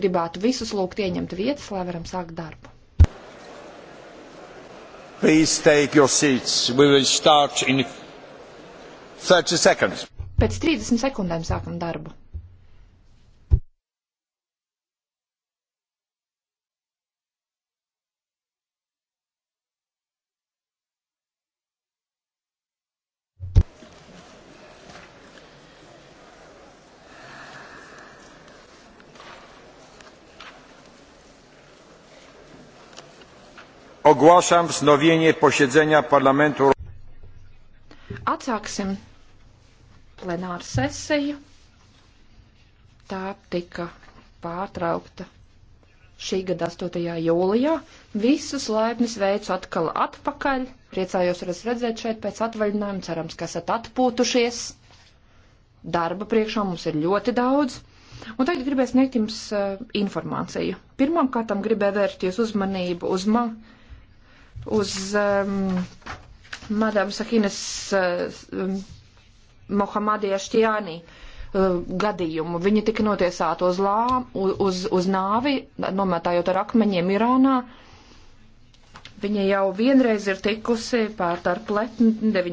gribētu visus lūgt ieņemt vietas, lai varam sākt darbu. Please take your seats. We will start in 30 seconds. Pēc 30 sekundēm sākam darbu. Ogłaszam wznowienie posiedzenia parlamentu. Atsāksim plenāru sesiju. Tā tika pārtraukta šī gada 8. jūlijā. Visus laipni sveicu atkal atpakaļ. Priecājos jūs redzēt šeit pēc atvaļinājuma. Cerams, ka esat atpūtušies. Darba priekšā mums ir ļoti daudz. Un tagad gribēju sniegt jums uh, informāciju. Pirmkārt, gribēju vērst jūs uzmanību uz man uz um, Madame Sahinas uh, Mohamadija Štjāni uh, gadījumu. Viņa tika notiesāta uz, lā, uz, uz nāvi, nometājot ar akmeņiem Irānā. Viņa jau vienreiz ir tikusi pārt ar pletni